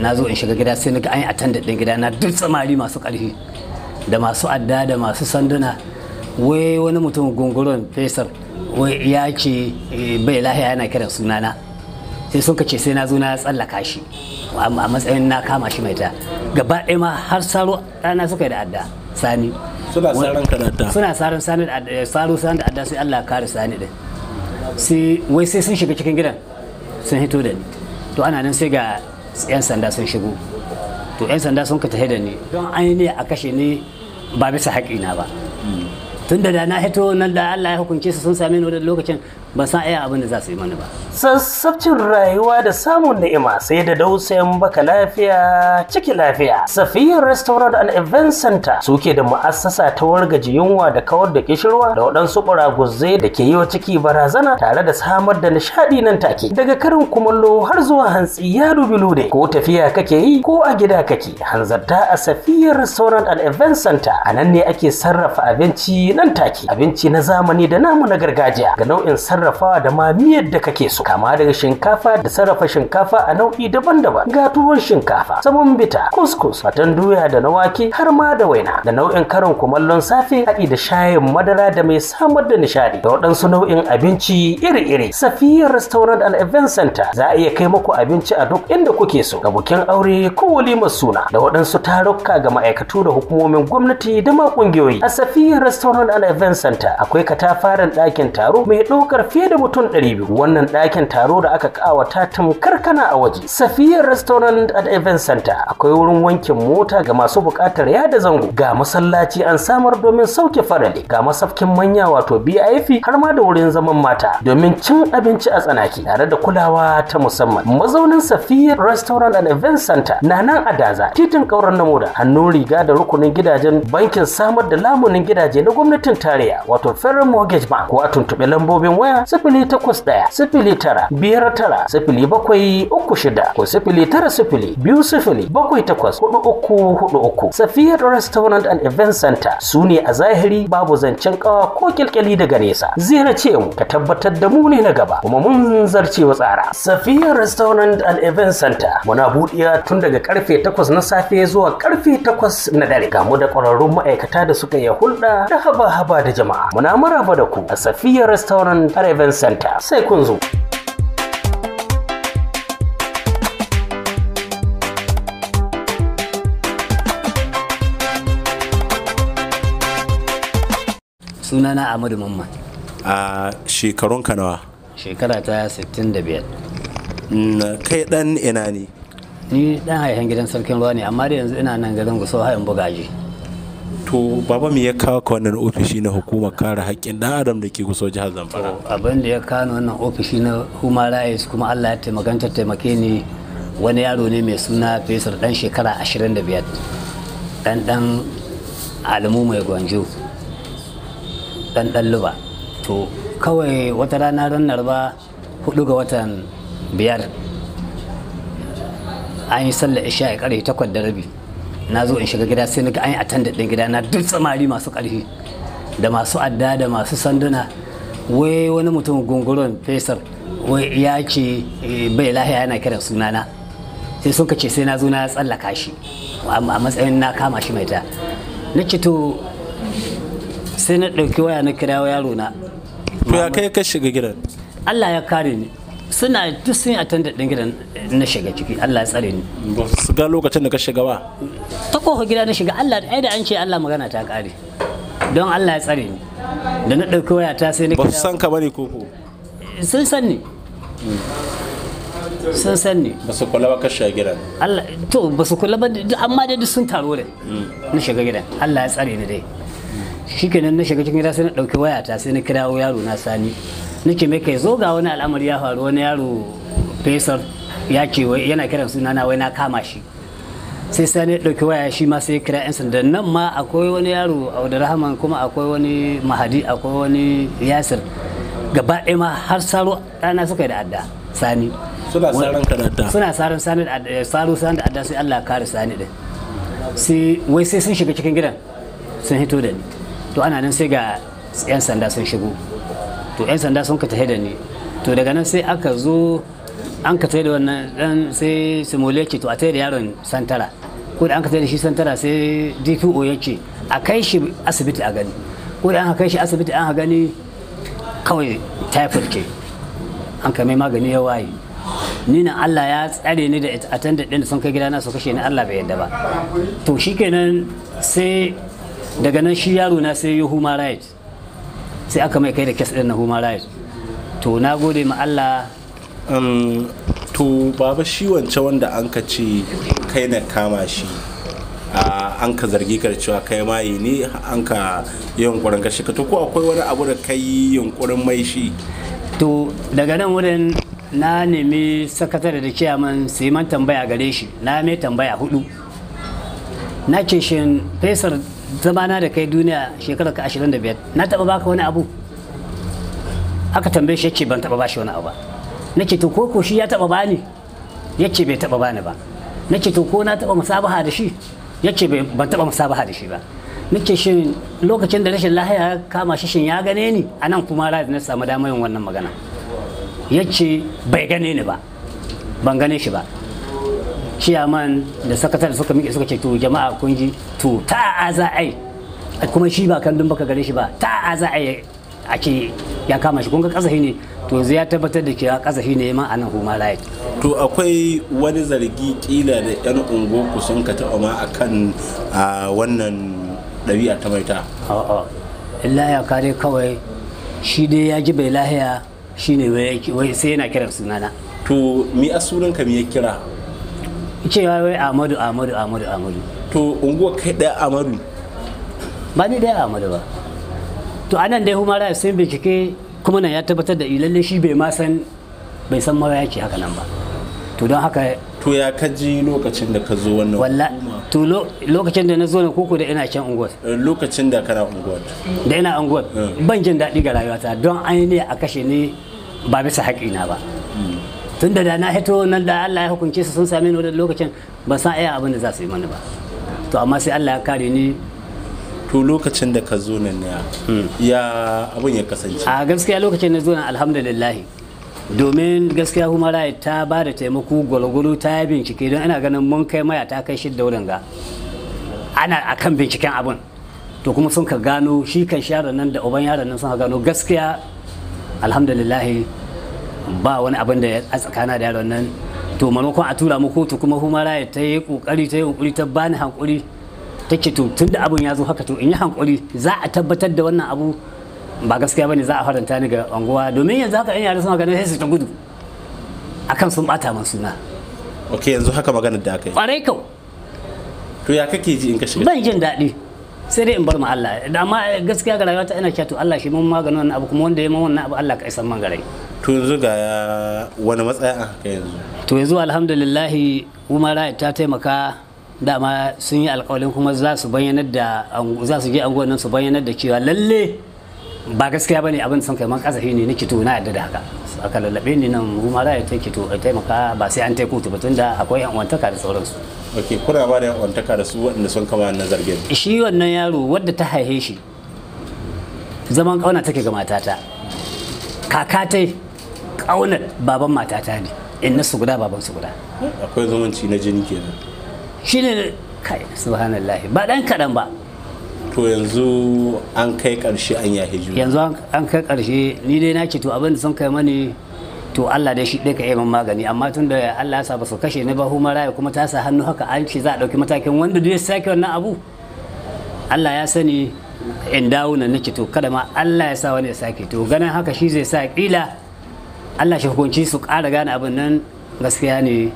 na zo in shiga gida sai na ga an yi attendant din gida na duk tsamari masu ƙarfi da masu adda da masu sanduna wai wani mutum gungurun fesar wai ya ce eh, bai lahiya yana kiran sunana sai sun ce sai na zo na tsallaka shi a matsayin na kama shi mai ta gaba ɗaya ma har saro ɗana suka yi da adda sani suna saran sani da adda sani eh, saro sani da adda sai Allah kare sani din sai wai sai sun shiga cikin gidan sun hito da ni to ana nan sai ga 'yan sanda sun shigo to 'yan sanda sun ka tahe da ni don an a kashe ni ba bisa haƙina ba tun da na hito nan da Allah ya hukunce su sun sami ni lokacin ban san aya abin da za su yi mani ba sassabcin rayuwa da samun ni'ima sai da dausayin baka lafiya ciki lafiya safiyar restaurant and event center suke da mu'assasa ta wargaji yunwa da kawar da kishirwa da waɗansu ƙuraguzai da ke yi wa ciki barazana tare da samar da nishaɗi nan take daga karin kumallo har zuwa hantsi ya dubi lude ko tafiya kake yi ko a gida kake hanzarta a safiyar restaurant and event center a nan ne ake sarrafa abinci nan take abinci na zamani da namu na gargajiya ga nau'in sarrafawa da ma miyar da kake so kama daga shinkafa da sarrafa shinkafa a nau'i daban-daban ga tuwon shinkafa samun bita kuskus fatan doya da na wake har ma da waina da nau'in karin kumallon safe haɗi da shayin madara da mai samar da nishadi da waɗansu nau'in abinci iri-iri safiyar restaurant and event center za a iya kai maku abinci a duk inda kuke so ga bukin aure ko walimar suna da waɗansu tarukka ga ma'aikatu da hukumomin gwamnati da ma ƙungiyoyi a safiyar restaurant Al Event Center akwai katafaren ɗakin taro mai ɗaukar fiye da mutum 200. Wannan ɗakin taro da aka ta tamkar kana a waje. Safiyar Restaurant and Event Center akwai wurin wankin mota ga masu buƙatar yada zango. Ga masallaci an samar domin sauke farale. Ga masafkin manya wato BIF har ma da wurin zaman mata domin cin abinci a tsanaki tare da kulawa ta musamman. Mazaunin Safiyar Restaurant and Event Center na nan a Daza, titin kauran Namoda, hannun riga da rukunin gidajen bankin samar da lamunin gidaje na gwamnati gwamnatin tarayya wato Federal Mortgage Bank ko a tuntuɓe lambobin waya sifili takwas ɗaya sifili tara biyar tara sifili bakwai uku shida ko sifili tara sifili biyu sifili bakwai takwas hudu uku hudu uku. Safiyar Restaurant and Event Center su ne a zahiri babu zancen kawa ko kyalkyali daga nesa. Ziyarce mu ka tabbatar da mu ne na gaba kuma mun zarce wa tsara. Safiyar Restaurant and Event Center muna buɗiya tun daga karfe takwas na safe zuwa karfe takwas na dare. Gamu da ƙwararrun ma'aikata da suka yi hulɗa da haba haba da jama'a muna maraba da ku a Safiya Restaurant Raven Center sai kun zo sunana Ahmadu Mamman a shekarun kanawa shekara ta 65 mm, kai dan ina ne ni dan haihan gidan sarkin ruwa ne amma da yanzu ina nan garin gusau hayan bugaje to baba me ya kawo ka wannan ofishi na hukumar kare haƙƙin ɗan adam da ke kusa jihar zamfara abin da ya kawo wannan ofishi na human rights kuma allah ya taimakanta taimake ni wani yaro ne mai suna fesar dan shekara 25 dan dan alamu mai gwanjo dan dan luba to kawai wata rana ranar ba hudu ga watan biyar an yi sallar isha ya ƙarfe takwas da rabi na zo in shiga gida sai ga an yi attendant din gida na duk tsamari masu ƙarfi da masu adda da masu sanduna wai wani mutum gunguron fesar wai ya ce eh, bai lahiya yana kiran sunana sai sun ce sai na zo na tsallaka shi a matsayin na kama shi mai ta na ce to sai na ɗauki waya na kira yaro na to ya kai ka shiga gidan Allah ya kare ni suna duk sun da dan gidan eh, na shiga ciki Allah ya tsare ni su ga lokacin da ka shiga ba ta kofa gida na shiga Allah ai da an ce Allah magana ta kare don Allah ya tsare ni da na dauki waya ta sai na ba su san ka bane ko ko eh, sun san ni hmm. sun san ni ba su kula ba ka shiga gidan Allah to ba su kula ba amma dai duk sun taro da hmm. na shiga gidan Allah ya tsare ni dai shikenan na shiga cikin gida sai na dauki waya ta sai na kirawo yaro na sani nake mai kai zo ga wani al'amari ya faru wani yaro fesar ya ke yana kiran suna na wai na kama shi sai sai ne ɗauki waya shi ma sai kira 'yan sanda nan ma akwai wani yaro abdurrahman kuma akwai wani mahadi akwai wani yasir gaba ɗaya ma har saro ɗana suka yi da adda sani suna saran ka da adda suna sani da adda eh, saro sani da adda sai Allah kare sani ɗin sai wai sai sun shiga cikin gidan sun hito da ni to ana nan sai ga 'yan sanda sun shigo to 'yan sanda sun ka tahe da ni to daga nan sai aka zo an ka tahe da wannan dan sai simole ce to a tahe da yaron santara ko da an ka tahe da shi santara sai dpo ya ce a kai shi asibiti a gani ko da an kai shi asibiti an gani kawai typhoid ke an ka mai magani ya waye ni na Allah ya tsare ni da attendant din da sun kai gidana su kashe ni Allah bai yadda ba to shikenan sai daga nan shi yaro na sai yuhu ma right sai aka mai kai da kes ɗin na human rights to na gode ma Allah um, to baba shi wance wanda an ka ce kai na kama shi an ka zargi ka cewa kai maye ne an ka yi yunkurin kashi to ko akwai wani abu da kai yunkurin mai shi to daga nan wurin na nemi sakatare da kiyaman su yi man tambaya gare shi na mai tambaya hudu na ce shin fesar zamana da kai duniya shekarar ka 25 na taba baka wani abu aka tambaye shi yace ban taba bashi wani abu ba nake to ko ko shi ya taba bani yace bai taba bani ba nake to ko na taba musabaha da shi yace ban taba musabaha da shi ba nake shin lokacin da rashin lahiya ya kama shi shin ya gane ni a nan kuma rabi na samu damar yin wannan magana ya ce bai gane ni ba ban gane shi ba ciyaman da sakatar suka miƙe suka ce to jama'a kun ji to ta a za a yi kuma shi ba kallon baka gare shi ba ta a za a yi a ce ya kama shi kun ga kasafi ne to ya tabbatar da cewa kasafi ne ma a nan kuma right to akwai wani zargi kila da yan ungo ku sun ka taɓa ma akan wannan ɗabi'a ta maita a'a illa ya kare kawai shi dai ya ji bai lahiya shine wai sai yana kiran sunana to mi a ka mi ya kira cewa wai amadu amadu amadu amadu to unguwa kai ɗaya amadu ba ni ɗaya amadu ba to anan dai humara sun bincike kuma nan ya tabbatar da ilalle shi bai ma san bai san mawa yake haka nan ba to don haka to ya ka ji lokacin da ka zo wannan walla to lokacin da na zo na koko da ina can unguwar eh, lokacin da kana unguwar da ina unguwar eh. ban jin daɗi ga rayuwata don an ne a kashe ni ba bisa haƙina ba tun da na hito nan da Allah ya hukunce su sun same ni lokacin ban san aya abin da za su yi mani ba to amma sai Allah ya kare ni to lokacin da ka zo nan hmm. ya abin ya kasance a gaskiya lokacin na zo nan alhamdulillah domin gaskiya kuma rai ta ba da taimako gwalgwalo ta yi bincike don ana ganin mun kai maya ta kai shidda wurin ga ana akan binciken abin to kuma sun ka gano shi kan shi yaron nan da uban yaron nan sun ka gano gaskiya alhamdulillah ba wani abin da a tsakana da yaron nan to maimakon a tura mu kotu kuma Raya ta yi kokari ta yi kokari ta bani hankuri take to tun da abun ya zo haka to in yi hankuri za a tabbatar da wannan abu ba gaskiya bane za a faranta ni ga anguwa domin yanzu haka in yara suna ganin sai su ta gudu akan sun bata man suna ok yanzu haka maganar da aka yi kwarai kau to ya kake ji in ka shiga ban jin daɗi sai dai in bar ma Allah da amma gaskiya ga rayuwata ina cewa to Allah shi mun maganin wannan abu kuma wanda ya wannan abu Allah ka isan man garai to yanzu ga wani matsaya haka yanzu to yanzu alhamdulillah umara ta taimaka dama sun yi alƙawarin kuma za su bayyana da za su je anguwan nan su bayyana da cewa lalle ba gaskiya bane abin son kai man kasafi ne nake to na yadda da haka aka lallabe ni nan mu za ta take to taimaka ba sai an tai kotu ba tunda akwai yan uwantaka da sauransu oke kuna ba da yan uwantaka da su waɗanda sun kama na zargin shi wannan yaro wadda ta haihe shi zaman kauna take ga matata Kaka tai kaunar baban matata ne in na su guda baban su guda akwai zumunci na jini kenan shine kai subhanallahi ba dan kadan ba to yanzu an kai karshe an yahe juna yanzu an kai karshe ni dai na ce to abin da sun kai mani to Allah dai shi dai ka yi magani amma tun da Allah ya sa ba su kashe ni ba huma raya kuma ta sa hannu haka an ce za a ɗauki matakin wanda duk sake wannan abu Allah ya sani in dawo na nake to kada ma Allah ya sa wani ya sake to ganin haka shi zai sa kila Allah shi hukunci su ƙara gane abin nan gaskiya ne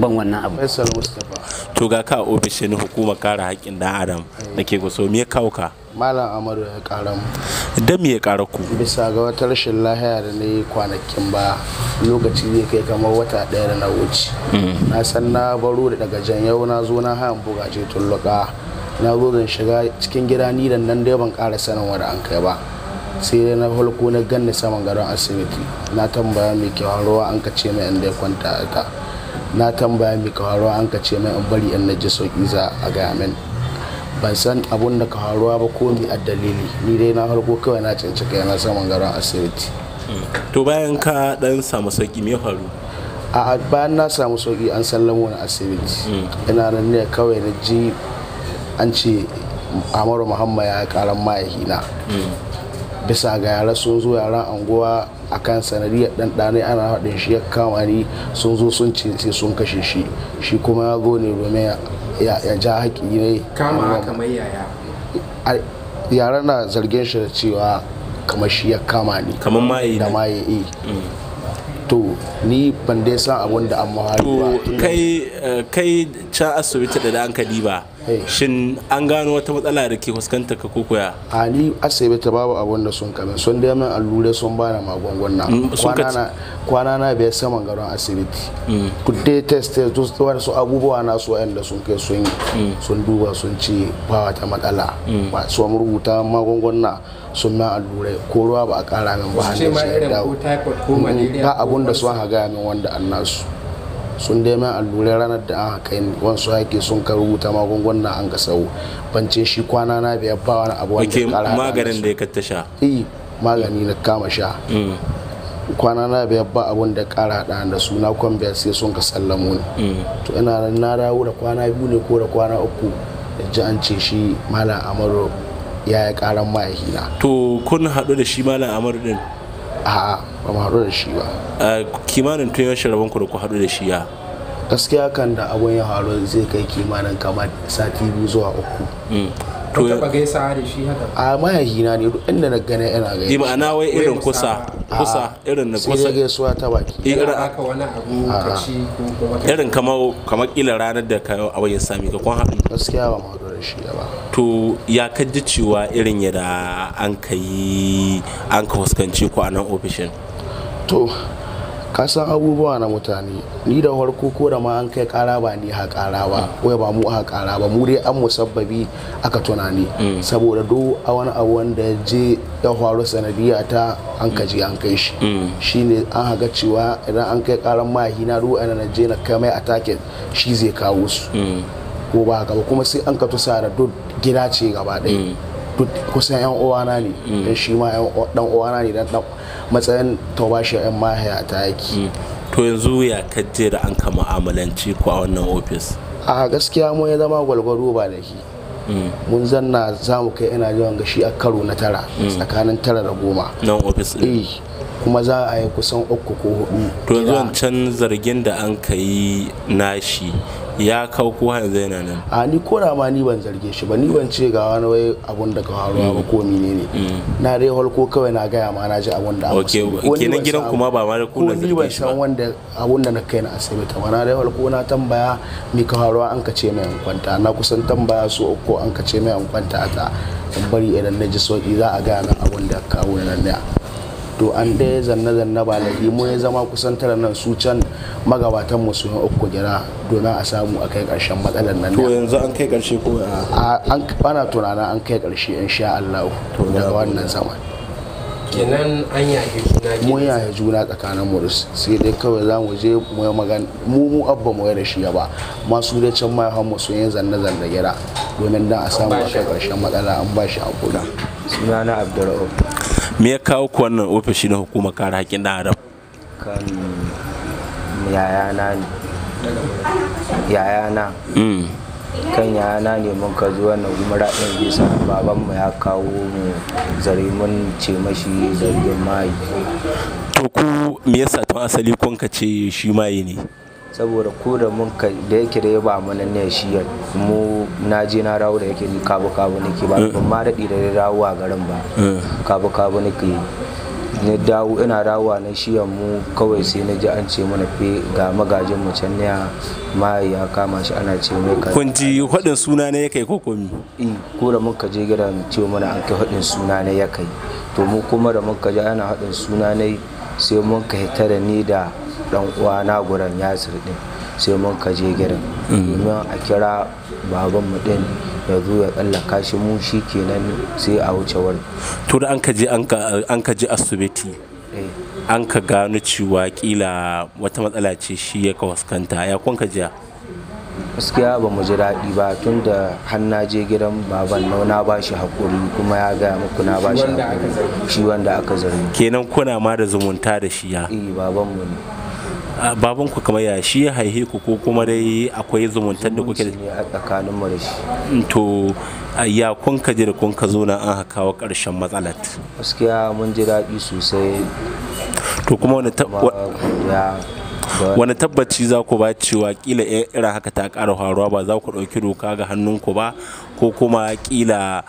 ban wannan abu. Mustafa to ga ka ofishin hukumar kare haƙƙin dan adam da ke gwaso me kawo ka malam amadu ya kara mu da me ya kara ku bisa ga wata rashin lahiya da na kwanakin ba lokaci zai kai kamar wata ɗaya da na wuce mm. na san na baro da daga jan yau na zo na hayan bugaje tulluka na zo zan shiga cikin gida ni da nan dai ban kara sanin wani an kai ba sai dai na halko na ganni saman garin asibiti na tambaya mai kyau ruwa an kace mai inda ya kwanta ta na tambaya mai kawarwa an ka ce mai in bari in naji sauki za a gaya min ban san abun da kawarwa ba ko ni a dalili ni dai na harko kawai na cancika kai na saman garin asibiti to bayan ka dan samu sauki me faru a bayan na samu sauki an sallamo na asibiti mm. ina nan ne kawai na ji an ce amaru muhammad ya karan mahaihina mm. bisa ga yara sun zo yaran anguwa kan sanadiyar ɗanɗanai ana haɗin shi ya kama ni sun zo sun cince sun kashe shi shi kuma ya zo ne domin ya ja haƙi ne kama kamar yaya yaran na zargin shi da cewa kamar shi ya kama ni kamar maye da maye e to ni ban dai san abin da an mahari ba kai eh, kai can asibiti da an ka diba shin an gano wata matsala da ke fuskanta ka ko koya ali asibiti babu abun da sun kame sun da min allure sun bana magunguna mm, kwana na bai saman garon asibiti mm. kudde test test su abubuwa na su da sun kai sun mm. sun duba sun ce ba wata matsala su rubuta magunguna sun na allurai ko ruwa ba a kara min ba ko shi ba abun da sun haga min wanda annasu? sun dai mai allurai ranar da aka kai wasu haƙi sun ka rubuta na an ka sau bancin shi kwana na biyar ba wani abu wanda ya kara maganin da ya katta sha eh magani na kama sha mm. kwana na biyar ba abun da kara hada da na kwan biyar sai sun ka sallamu ne. Mm. to ina na dawo da kwana biyu ne ko da kwana uku da ji an ce shi malam amaru ya yi karan ma'aikina to kun haɗu da shi malam amaru din a'a ba mu haɗu da shi ba a kimanin tun yaushe rabon ku da ku haɗu da shi ya gaskiya kan da abun ya haɗu zai kai kimanin kamar sati biyu zuwa uku mm. to taɓa gaisa da shi haka a mayahina ne duk inda na gani ina gaisa bi ma'ana wai irin kusa kusa irin na kusa sai gaisuwa ta baki eh, irin aka wani abu kashi irin kamar kamar kila ranar da ka abin ya sami ka kun haɗu gaskiya ba mu haɗu. da shi ba to ya kaji cewa irin yadda an ka yi an ka fuskanci ku a nan ofishin to ka san abubuwa na mutane ni da farko ko da ma an kai kara ba ni ha kara ba mm. wai ba mu ha kara ba mu dai an musabbabi aka tunani mm. saboda do a wani abu wanda ya je ya faru sanadiya ta an ka an kai shi mm. shine an haga cewa idan an kai karan mahina ruwa na je na kai mai attacking shi zai kawo su ko ba gaba kuma sai an ka tusa da duk gida ce gaba ɗaya mm. duk kusan yan mm. uwana ne dan shi ma dan uwana ne dan matsayin shi yan mahaya ta yaki mm. to yanzu ya kaje da an ka mu'amalanci ko a wannan ofis a gaskiya mun ya zama gwalgwaro ba da shi mun zanna za mu kai ina jiran gashi a karo na tara tsakanin tara da goma nan office eh kuma za a yi kusan uku ko hudu to yanzu can zargin da an ka yi nashi ya kau ko yanzu yana nan a ni ko da ma ni ban zarge shi ba ni ban ce ga wani wai abun da ka haro ba mm. ko mine ne mm. na dai ko kawai na gaya ma na ji abun da aka kenan gidan kuma ba ma da ku zarge shi ba ko ni ban san wanda abun da na kai na asibiti ba na dai ko na tambaya mi ka haro an ka ce mai an kwanta na kusan tambaya su ko an ka ce mai an kwanta ta bari idan na ji sauki za a gaya na abun da kawo nan ne to an ɗaya zanne-zanne ba laifi mun ya zama kusan tara nan su can magabatan mu sun uku gira domin a samu a kai karshen matsalar nan to yanzu an kai karshe ko A an bana tunana an kai karshe sha Allah daga wannan zaman kenan an yahe juna mu yahe juna tsakanin mu sai dai kawai za mu je mu yi magana mu mu abba mu da shi ba masu da can mai han su sun yi zanne zanne gira domin dan a samu a kai karshen matsala an ba shi hakuri sunana abdurrahman me ya kawo ku wannan ofishi na hukumar kare haƙƙin ɗan adam kan yayana ne yayana mm. kan yana ne mun ka zuwa na gumara ɗin bisa babanmu ya kawo mu zari mun ce mashi zargin mayi to ku me yasa tun asali kun ka ce shi mayi ne saboda ko da mun da yake da ba mu ne shi mu na je na rawo da yake ni kabu kabu nake ba ban ma daɗi da rawo a garin ba kabu kabu nake na dawo ina rawa na shiyan mu kawai sai na ji an ce mana fe ga magajin mu can ya Ma ya kama shi ana ce mai ka kun ji hudin suna ne yake ko komi eh ko da mun ka je gidan ce mana an kai hudin suna ne yake to mu kuma da mun ka je ana hudin suna ne sai mun ka hita da ni da dan uwa na guran yasir din sai mun ka je gidan a kira baban mu din ya zo ya tsallaka shi mu shi kenan sai a wuce wani to da an ka an kaje asibiti eh. an ka gano cewa kila wata matsala ce shi ya kawaskanta, ya kun ka gaskiya ba mu ji daɗi ba tun da hanna je gidan baban na na ba shi haƙuri kuma ya gaya muku na ba shi haƙuri shi wanda aka zargi kenan kuna ma da zumunta da shi ya eh baban mu ne baban ku kamar ya shi ya haihe ku ko kuma dai akwai zumuntar da kuke da a tsakanin mu da shi mm, to ya kun ka jira da kun ka zo na an wa karshen matsalar gaskiya mun ji daɗi sosai to kuma wani wani tabbaci za ku ba cewa kila irin haka ta ƙara faruwa ba za ku ɗauki doka ga hannunku ba ko kuma kila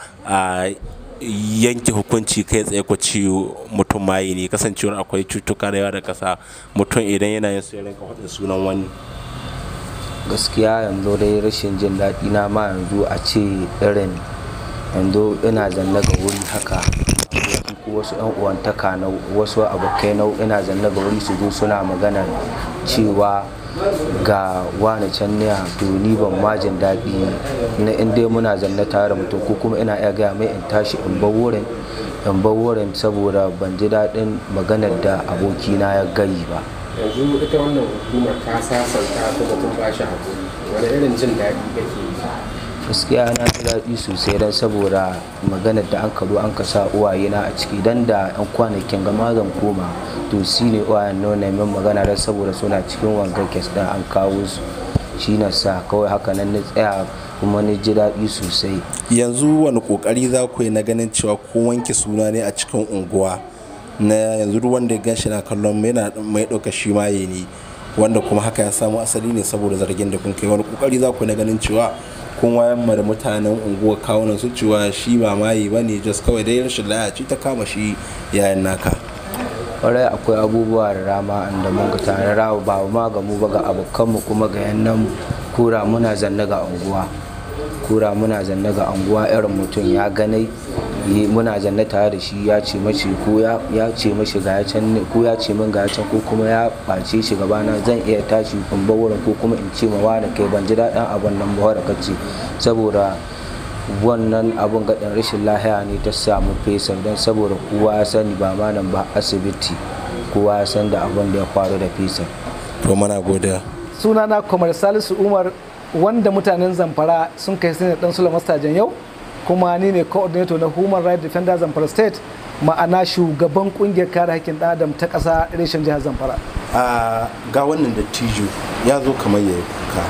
yanke hukunci kai tsaye ku ci mutum maye ne kasancewar akwai cutuka da yawa da kasa mutum idan yana yin su ya rinka sunan wani gaskiya yanzu dai rashin jin daɗi na ma yanzu a ce irin yanzu ina zanne ga wuri haka wasu yan uwantaka na wasu abokai na ina zanne ga wuri su zo suna magana cewa ga wani can ne to ni ban majin daɗi na inda muna zanne tare mutum ko kuma ina iya gaya mai in tashi in bar wurin in bar wurin saboda ban ji daɗin maganar da abokina ya gayi ba yanzu ita wannan hukuma ta sasanta kuma kun ba shi hakuri wani irin jin daɗi kake gaskiya na ji daɗi sosai don saboda magana da an karo an kasa uwaye a ciki dan da yan kwanakin ga zan koma to shi ne uwayen nuna min magana don saboda suna cikin wanga kes da an kawo su shi na sa kawai haka nan na tsaya kuma ni ji daɗi sosai yanzu wani kokari za ku yi na ganin cewa ko wanke suna ne a cikin unguwa na yanzu duk wanda ya ganshi na kallon mai ɗauka shi maye ne wanda kuma haka ya samu asali ne saboda zargin da kun kai wani kokari za ku na ganin cewa kun yamma da mutanen unguwa kawunan su cewa shi ba mayi ba ne just kawai dai rashin layaci ta kama shi yayin naka kwarai akwai abubuwa da rama inda mun ga tare rawa ba ma ga mu ba ga abokanmu kuma ga yannan kura muna zanne ga unguwa kura muna zanne ga anguwa irin mutum ya ganai muna zanne tare da shi ya ce mace ko ya ce mashi ga can ko ya ce min ga can ko kuma ya ɓace shi gabana zan iya tashi in wurin ko kuma in ce ma wani kai ban ji daɗin abin nan ba da kace saboda wannan abun gaɗin rashin lahiya ne ta samu fesa don saboda kowa ya sani ba ma ba asibiti kowa ya san da abin da ya faru da fesa. to mana godiya sunana kamar salisu umar wanda mutanen zamfara sun kai sani dan sulaiman stajan yau kuma ni ne coordinator na human rights defender zamfara state ma'ana shugaban kungiyar kare hakkin dan adam ta ƙasa reshen jihar zamfara a ga wannan tiju ya zo kamar ya kuka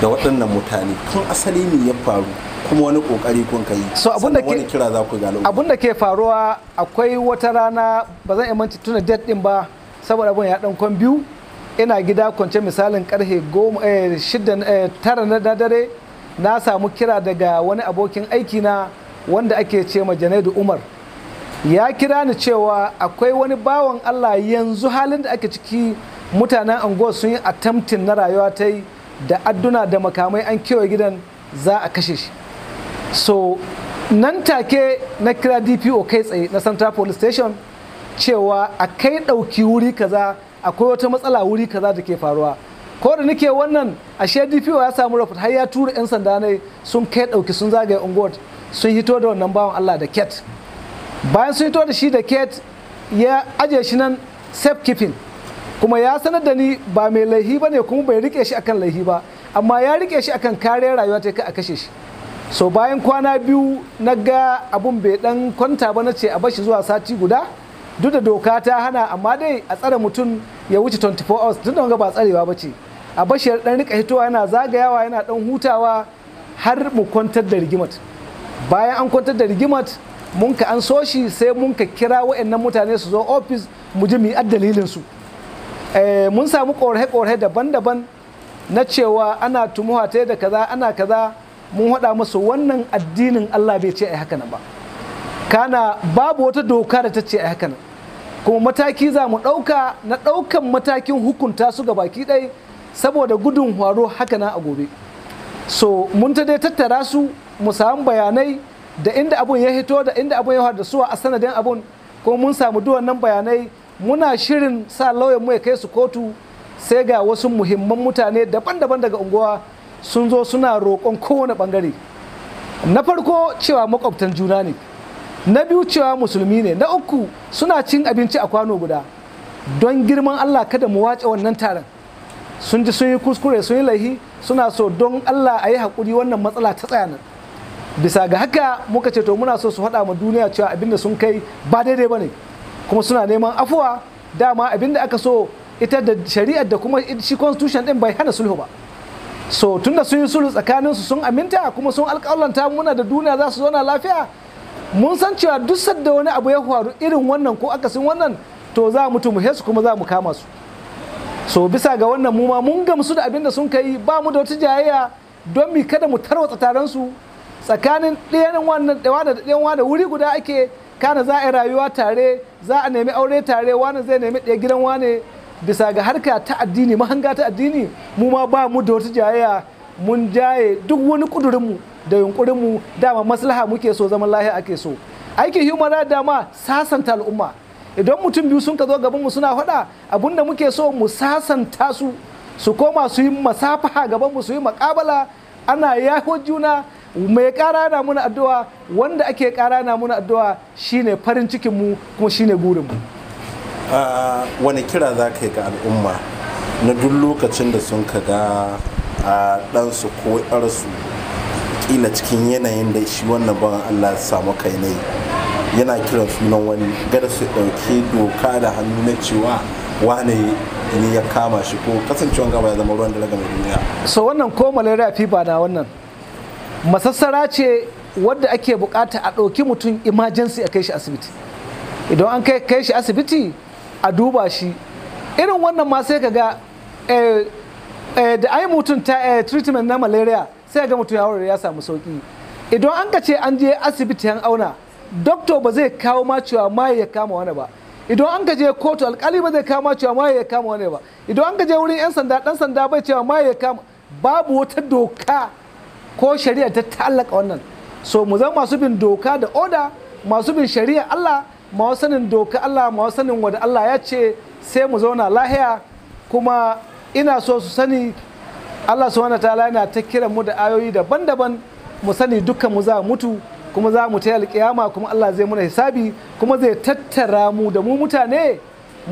da waɗannan mutane tun asali ne ya faru kuma wani kokari kun kai so abinda ke kira za ku galo abinda ke faruwa akwai wata rana ba zan manta tuna date din ba saboda abin ya dan kon biyu ina gida kwance misalin karfe eh, eh, tara na dare na samu kira daga wani abokin aiki na wanda ake ce ma janaidu umar ya kira ni cewa akwai wani bawan allah yanzu halin da ake ciki mutanen anguwa sun yi attempting na rayuwa ta yi da adduna da makamai an kewa gidan za a kashe shi so nan take na kira dpo kai tsaye na central police station cewa a kai ɗauki wuri kaza akwai wata matsala wuri kaza da ke faruwa ko da nake wannan ashe DPO ya samu rafut har ya tura yan sanda ne sun kai dauki sun zagaye unguwar sun hito da wannan bawan Allah da ket bayan sun hito da shi da ket ya aje shi nan safe keeping kuma ya sanar da ni ba mai laihi bane kuma bai rike shi akan laihi ba amma ya rike shi akan kare rayuwa ta kai a kashe shi so bayan kwana biyu na ga abun bai dan kwanta ba na ce a bashi zuwa sati guda duk da doka ta hana amma dai a tsare mutum ya wuce 24 hours tun da ba tsarewa ba ce a bashiyar dan rika hitowa yana zagayawa yana dan hutawa har mu kwantar da rigimat bayan an kwantar da rigimat mun ka an so shi sai mun ka kira waɗannan mutane su zo ofis mu ji yi dalilin su eh, mun samu korhe-korhe daban-daban na cewa ana tumuwa ta da kaza ana kaza mun haɗa musu wannan addinin Allah bai ce a haka nan ba kana babu wata doka da ta ce a haka nan kuma mataki za mu ɗauka na ɗaukan matakin hukunta su ga baki ɗai saboda gudun horo haka na a gobe so mun ta dai tattara su mu samu bayanai da inda abun ya hito da inda abun ya da suwa a sanadin abun kuma mun samu duwannan bayanai muna shirin sa lauyan mu ya kai su kotu sai ga wasu muhimman mutane daban-daban daga unguwa sun zo suna roƙon kowane ɓangare na farko cewa makwabtan juna ne na biyu cewa musulmi ne na uku suna cin abinci a kwano guda don girman Allah kada mu wace wannan taron sun ji sun yi kuskure sun yi laihi suna so don Allah a yi haƙuri wannan matsala ta tsayana bisa ga haka muka ce to muna so su haɗa ma duniya cewa abinda sun kai ba daidai ba ne kuma suna neman afuwa dama abinda aka so ita da shari'ar da kuma shi constitution din bai hana sulhu ba so tunda sun yi sulhu tsakaninsu sun aminta kuma sun alƙawlanta muna da duniya za su zauna lafiya mun san cewa duk sadda wani abu ya faru irin wannan ko akasin wannan to za mu tumuhe su kuma za mu kama su so bisa ga wannan mu ma mun gamsu da abin da sun kai ba mu da wata jayayya don mi kada mu tarwatsa taron su tsakanin ɗayan wannan ɗawa da ɗayan wani wuri guda ake kana za a yi rayuwa tare za a nemi aure tare wani zai nemi ɗaya gidan wane bisa ga harka ta addini mahanga ta addini mu ma ba mu da wata jayayya mun jaye duk wani kudurinmu da yunkurinmu dama maslaha muke so zaman lahiya ake so aikin human rights dama sasanta al'umma idan mutum biyu sun ka zo gabanmu suna faɗa abinda muke so mu sasanta su su koma su yi masafaha gabanmu su yi makabala ana yaho juna mai ƙara na muna addu'a wanda ake ƙara na muna addu'a shine farin cikinmu kuma shine gurinmu wani kira za ka yi ga al'umma na duk lokacin da sun ka ga a ɗansu ko ƴarsu kila cikin yanayin da shi wannan ban Allah samu kai ne yana kiran sunan wani gada su ɗauki doka da hannu na cewa wane ne ya kama shi ko kasancewan gaba ya zama ruwan da daga mai duniya so wannan ko malaria ba na wannan masassara ce wadda ake bukata a ɗauki mutum imajensi a kai shi asibiti idan an kai kai shi asibiti a duba shi irin wannan ma sai ka ga eh, Eh, da ai mutum ta eh, treatment na malaria sai ga mutum ya warware ya samu sauki idan an ka ce an je asibiti an auna doctor ba zai kawo ma cewa maye ya kama wani ba idan an ka je kotu alkali ba zai kawo ma cewa maye ya kama wani ba idan an ka je wurin yan sanda dan sanda bai cewa maye ya kama babu wata doka ko shari'a ta ta'allaka wannan so mu zama masu bin doka da oda masu bin shari'a Allah ma sanin doka Allah ma sanin wada Allah ya ce sai mu zauna lahiya kuma ina so su sani Allah subhanahu ta'ala yana ta kira mu da ayoyi daban-daban mu sani dukkan mu za mutu kuma za mu tayar alƙiyama kuma Allah zai muna hisabi kuma zai tattara mu da mu mutane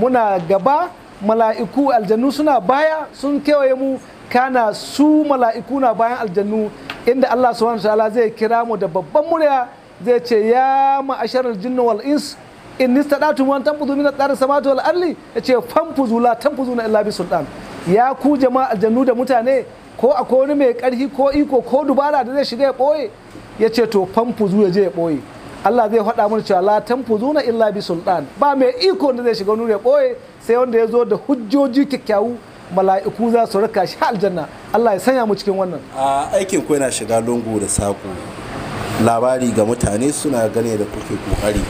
muna gaba mala'iku aljannu suna baya sun kewaye mu kana su mala'iku na bayan aljannu inda Allah subhanahu ta'ala zai kira mu da babban murya zai ce ya ma'asharar wal ins in nista datu man min ad-dar samawati wal ya yace fanfuzu la tanfuzuna illa bi sultan ya ku jama'a aljannu da mutane ko akwai wani mai karfi ko iko ko dubara da zai shiga ya boye ya ce to famfuzu ya je ya boye Allah zai faɗa mana cewa la zuna illa bi sultan ba mai iko da zai shiga nuru ya boye sai wanda ya zo da hujjoji kyakkyawu mala'iku za su raka shi aljanna Allah ya sanya mu cikin wannan a aikin ku yana shiga lungu da sako labari ga mutane suna gane da kuke kokari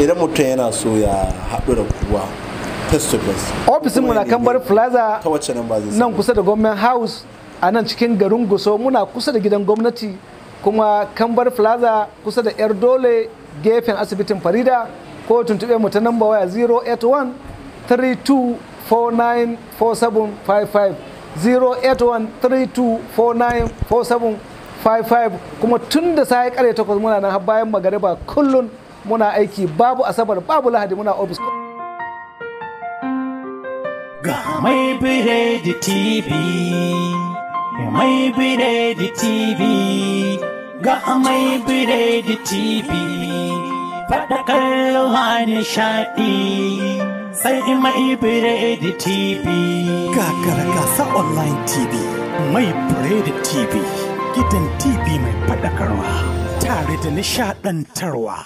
idan mutum yana so ya haɗu da kowa face to face ofisin mu na kambar plaza ta wacce nan ba zai nan kusa da government house a nan cikin garin guso muna kusa da gidan gwamnati kuma kambar plaza kusa da yar dole gefen asibitin farida ko tuntube mu ta namba waya 081 32 494755 081 32 55 kuma tun da sai kare takwas muna nan har bayan magariba kullun muna aiki babu asabar babu lahadi muna office ga mai biredi tv mai biredi tv ga mai biredi tv faɗa kallon nishaɗi sai mai biredi tv kakara gasa online tv mai biredi tv gidan tv mai faɗakarwa tare da nishaɗantarwa